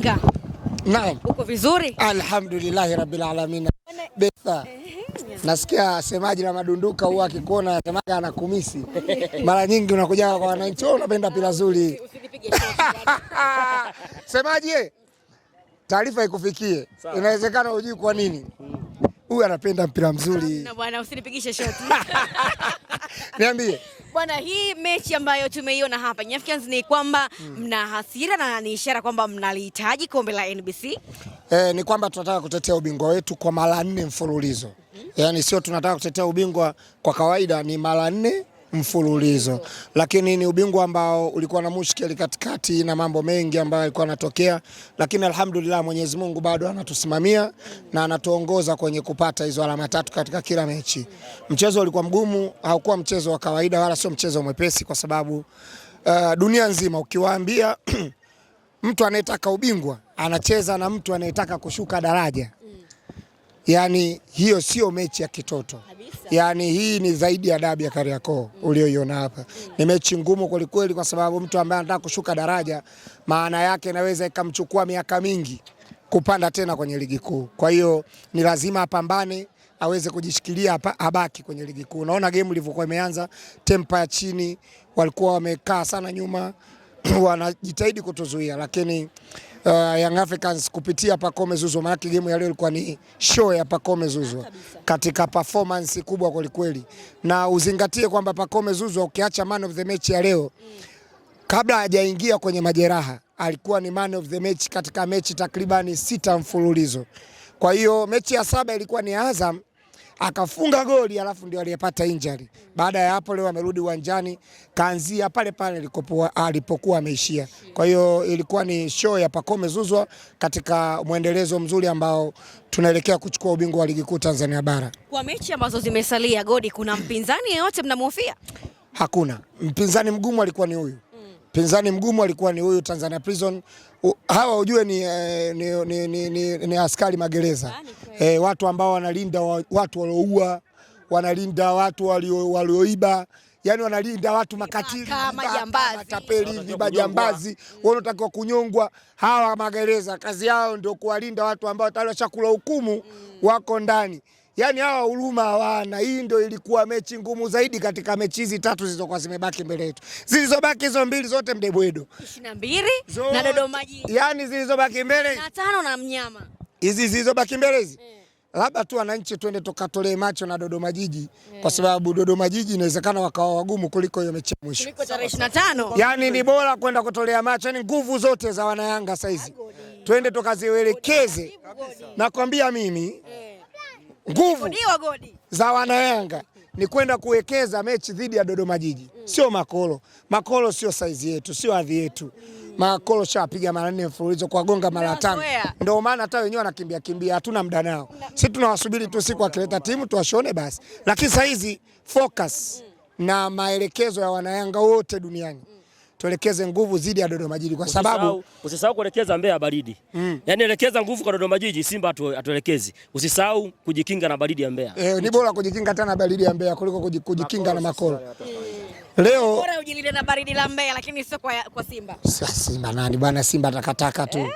Tanga. Naam. Uko vizuri? Alhamdulillah rabbil alamin. Besa. Nasikia semaji na madunduka huwa akikuona semaji anakumisi. Mara nyingi unakuja kwa wananchi oh, unapenda pila zuri. Semaji, taarifa ikufikie. Inawezekana hujui kwa nini. Hmm huyu anapenda mpira mzuri. Na bwana usinipigishe shoti. Niambie. Bwana, hii mechi ambayo tumeiona hapa Nyafikians ni kwamba hmm, mna hasira na ni ishara kwamba mnalihitaji kombe la NBC. Eh, ni kwamba tunataka kutetea ubingwa wetu kwa mara nne mfululizo. Hmm. Yaani sio tunataka kutetea ubingwa kwa kawaida ni mara nne mfululizo, lakini ni ubingwa ambao ulikuwa na mushkeli katikati na mambo mengi ambayo yalikuwa yanatokea, lakini alhamdulillah, Mwenyezi Mungu bado anatusimamia na anatuongoza kwenye kupata hizo alama tatu katika kila mechi. Mchezo ulikuwa mgumu, haukuwa mchezo wa kawaida wala sio mchezo mwepesi, kwa sababu uh, dunia nzima ukiwaambia mtu anayetaka ubingwa anacheza na mtu anayetaka kushuka daraja yani hiyo sio mechi ya kitoto yani, hii ni zaidi ya dabi ya Kariakoo mm. ulioiona hapa. Mm. Ni mechi ngumu kwelikweli, kwa sababu mtu ambaye anataka kushuka daraja, maana yake inaweza ikamchukua miaka mingi kupanda tena kwenye ligi kuu. Kwa hiyo ni lazima apambane aweze kujishikilia abaki kwenye ligi kuu. Unaona game ilivyokuwa imeanza, tempa ya chini, walikuwa wamekaa sana nyuma wanajitahidi kutuzuia, lakini uh, Young Africans kupitia Pacome Zouzoua, maana game ya leo ilikuwa ni show ya Pacome Zouzoua katika performance kubwa kwelikweli, na uzingatie kwamba Pacome Zouzoua ukiacha man of the match ya leo kabla hajaingia kwenye majeraha alikuwa ni man of the match katika mechi takribani sita mfululizo. Kwa hiyo mechi ya saba ilikuwa ni Azam akafunga goli alafu ndio aliyepata injury. Baada ya hapo leo amerudi uwanjani, kaanzia pale pale alipokuwa ameishia. Kwa hiyo ilikuwa ni show ya Pacome Zouzoua katika mwendelezo mzuri ambao tunaelekea kuchukua ubingwa wa ligi kuu Tanzania bara. Kwa mechi ambazo zimesalia, Godi, kuna mpinzani yeyote mnamhofia? Hakuna mpinzani mgumu, alikuwa ni huyu Pinzani mgumu alikuwa ni huyu Tanzania Prison. Hawa ujue ni, eh, ni, ni, ni, ni, ni askari magereza e, watu ambao wanalinda watu walioua, wanalinda watu walioiba yani wanalinda watu makatili, matapeli hivi, majambazi wanaotakiwa kunyongwa. Hawa magereza kazi yao ndio kuwalinda watu ambao tayari washakula hukumu, mm. wako ndani yani hawa huruma hawana. Hii ndio ilikuwa mechi ngumu zaidi katika mechi hizi tatu zilizokuwa zimebaki mbele yetu. Zilizobaki hizo mbili zote mdebwedo 22 na Dodoma Jiji, yani zilizobaki mbele na tano na mnyama, hizi zilizobaki mbele hizi yeah. Labda tu wananchi twende tukatolee macho na Dodoma Jiji yeah. Kwa sababu Dodoma Jiji inawezekana wakawa wagumu kuliko hiyo mechi ya mwisho kuliko tarehe 25. Yani ni bora kwenda kutolea macho, yani nguvu zote za wanayanga saizi twende tukaziwelekeze, nakwambia mimi yeah nguvu za wanayanga ni kwenda kuwekeza mechi dhidi ya Dodoma Jiji, sio makolo. Makolo sio saizi yetu, sio adhi yetu. Makolo shapiga mara nne mfululizo kwa gonga mara tano, ndio maana hata wenyewe wanakimbia kimbia, hatuna muda nao. Sisi tunawasubiri tu siku akileta timu tuwashone basi, lakini saizi focus na maelekezo ya wanayanga wote duniani tuelekeze nguvu zidi ya Dodoma Jiji kwa sababu usisahau kuelekeza Mbeya baridi. Mm. Yaani elekeza nguvu kwa Dodoma Jiji, Simba atuelekezi. Usisahau kujikinga na baridi ya Mbeya. Eh, ni bora kujikinga tena baridi ya Mbeya kuliko kujikinga na makoro. Leo bora ujilinde na baridi la Mbeya lakini sio kwa, kwa Simba. Sasa Simba nani bwana Simba takataka tu. Eh?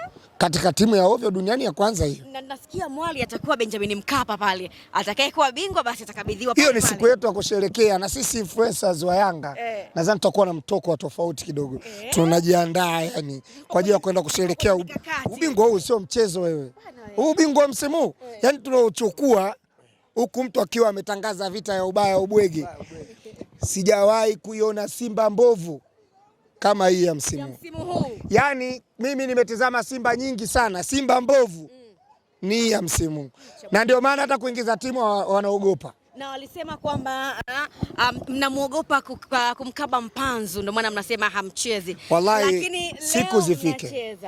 katika timu ya ovyo duniani ya kwanza hiyo. Na nasikia mwali atakuwa Benjamin Mkapa pale, atakayekuwa bingwa basi atakabidhiwa pale. Hiyo ni siku yetu ya kusherekea, na sisi influencers wa Yanga eh, nadhani tutakuwa na mtoko wa tofauti kidogo eh, tunajiandaa yani kwa ajili ya kwenda kusherekea ubingwa huu. Sio mchezo wewe, huu ubingwa wa msimu eh, yani tunaochukua huku mtu akiwa ametangaza vita ya ubaya ubwege. Sijawahi kuiona Simba mbovu kama hii ya msimu, ya msimu huu. Yaani mimi nimetizama Simba nyingi sana, Simba mbovu mm. ni hii ya msimu na ndio maana hata kuingiza timu wanaogopa na walisema kwamba ah, ah, mnamwogopa um, kumkaba mpanzu, ndio maana mnasema hamchezi. Wallahi lakini siku zifike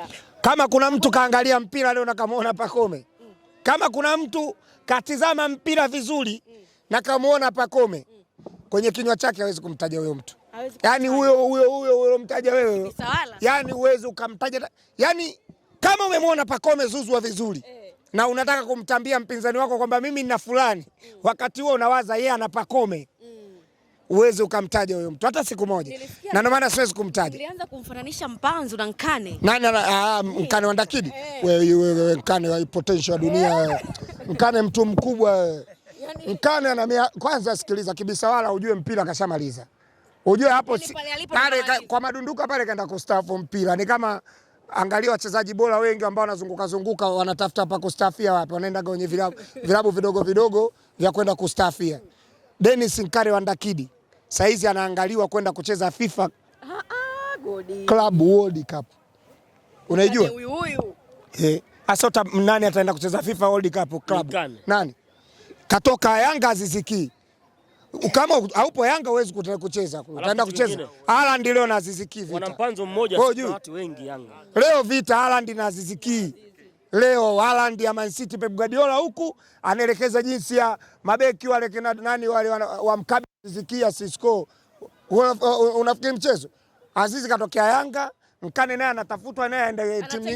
Kama kuna mtu kaangalia mpira leo na kamuona Pakome mm. kama kuna mtu katizama mpira vizuri mm. na kamuona Pakome mm. kwenye kinywa chake hawezi kumtaja huyo mtu. Yaani huyo huyo huyo ulomtaja wewe, yaani uwezi ukamtaja, yaani kama umemwona Pacome zuzwa vizuri eh, na unataka kumtambia mpinzani wako kwamba mimi nina fulani mm, wakati huo unawaza yeye ana Pacome mm. uwezi ukamtaja huyo mtu hata siku moja, na ndio maana siwezi kumtaja. Nilianza kumfananisha Mpanzu na Nkane na, na, na, ah, eh. Nkane wa Ndakidi eh. wewe wewe, Nkane wa potential dunia, eh. Nkane mtu mkubwa, yaani Nkane ana kwanza. Sikiliza Kibisawala, ujue mpira kashamaliza. Unajua hapo yaani si, pale kwa madunduka pale kaenda kustafu mpira. Ni kama angalia wachezaji bora wengi ambao wanazunguka zunguka wanatafuta hapa kustafia wapi? Wanaenda kwenye vilabu, vilabu vidogo vidogo vya kwenda kustafia. Dennis Nkare wa Ndakidi saizi anaangaliwa kwenda kucheza FIFA ah, ah, Club World Cup. Unaijua? Huyu Eh. Asota nani ataenda kucheza FIFA World Cup club? Nani? Katoka Yanga Aziziki kama haupo Yanga huwezi kucheza utaenda kucheza Haaland leo na Aziz wana mpanzo mmoja wengi Yanga. Leo vita Haaland na zizikii leo Haaland ya Man City, Pep Guardiola huku anaelekeza jinsi ya mabeki wale kina nani wale wamkabili Aziz Ki Unafikiri mchezo azizi katokea Yanga, Mkane naye anatafutwa naye aende timu,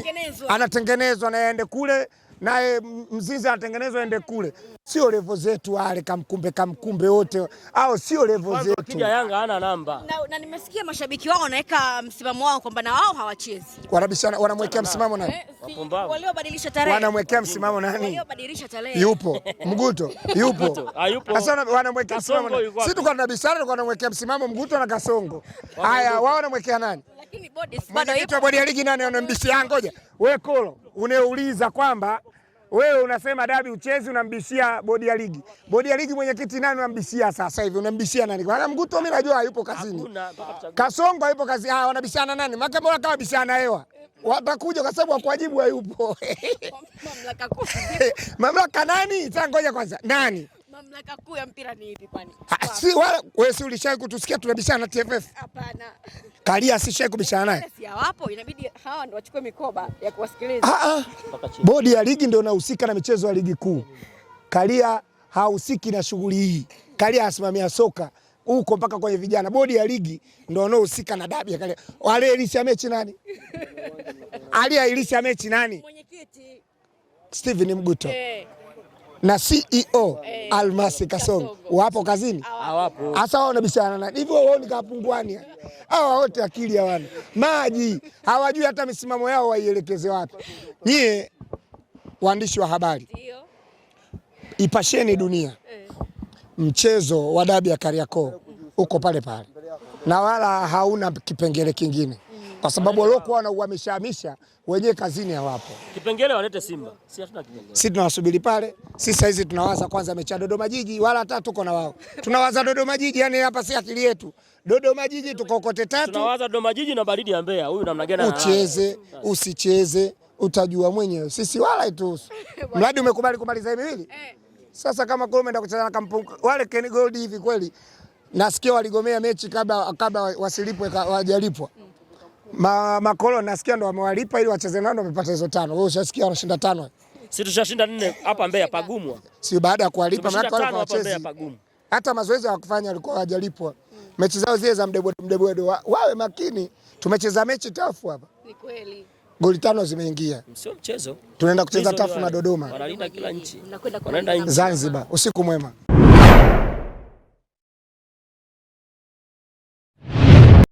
anatengenezwa naye aende kule naye mzizi anatengenezwa ende kule, sio levo zetu wale, kamkumbe kamkumbe wote au sio levo zetu. Kija Yanga hana namba na, na nimesikia mashabiki wao wanaweka msimamo wao kwamba na wao hawachezi, wanabishana, wanamwekea msimamo nani? Eh, waliobadilisha tarehe wanamwekea msimamo nani? Waliobadilisha tarehe yupo Mguto yupo sasa, ah, wanamwekea msimamo sisi, tuko tunabishana, tuko wanamwekea msimamo Mguto na Kasongo. Haya, wao wanamwekea nani? Lakini bodi bado ipo, bodi ya ligi nani anambishia? Ah, ngoja we Kolo uneuliza kwamba wewe unasema dabi uchezi, unambishia bodi ya ligi. Bodi ya ligi mwenyekiti nani unambishia sasa hivi? Unambishia nani? Bwana Mguto mimi najua hayupo kazini, Kasongo hayupo kazini. Ah, wanabishana nani? Makamba kama kama bishana hewa watakuja kwa sababu wakuwajibu hayupo. mamlaka nani? Tangoja kwanza nani mamlaka kuu ya mpira ni ipi Si wala wewe si ulishai kutusikia tunabishana TFF? Hapana. Kalia kubishana naye. Si hawapo, inabidi hawa ndio wachukue mikoba ya kuwasikiliza. Ah ah. Bodi ya ligi ndio inahusika na michezo ya ligi kuu. Kalia hahusiki na shughuli hii. Kalia asimamia soka huko mpaka kwenye vijana. Bodi ya ligi ndio wanaohusika na dabi ya Kalia. mechi nani? Aliyeilisha mechi nani? Mwenyekiti Steven Mguto. Hey. Eh na CEO Almasi Kasongo wapo kazini? Hawapo. Hasa wao wanabishana na hivyo wao ni kapungwani. Hawa wote akili hawana. Maji hawajui hata misimamo yao waielekeze wapi. Nyie waandishi wa habari. Ipasheni dunia. Eh. Mchezo wa dabi ya Kariakoo mm. uko pale pale. Na wala hauna kipengele kingine kwa sababu waliokuwa wanauhamishahamisha wenyewe kazini hawapo. Kipengele walete Simba, si hatuna kipengele, Sisi tunawasubiri pale. Sisi saa hizi tunawaza kwanza mechi ya Dodoma Jiji, wala hata tuko na wao tunawaza Dodoma Jiji, yani hapa si akili yetu. Dodoma Jiji tuko kote tatu, tunawaza Dodoma Jiji na baridi ya Mbeya. Huyu namna gani ucheze usicheze, utajua mwenyewe. Sisi wala ituhusu, mradi umekubali kumaliza miwili. Eh. Sasa kama kule umeenda kucheza na kampuni wale Ken Gold hivi kweli, nasikia waligomea mechi kabla kabla wasilipwe wajalipwa. Ma makolo nasikia ndo wamewalipa ili wacheze nao ndo wamepata hizo tano. Wewe ushasikia wanashinda tano. Si tushashinda nne hapa Mbeya pagumwa. Si baada ya kuwalipa maana wale wacheze pagumu. Hata mazoezi ya kufanya walikuwa hawajalipwa. Mechi zao zile za mdebwedo mdebwedo wawe makini. Tumecheza mechi tafu hapa. Ni kweli. Goli tano zimeingia. Sio mchezo. Tunaenda kucheza tafu na Dodoma. Wanalinda kila nchi. Wanaenda Zanzibar. Usiku mwema.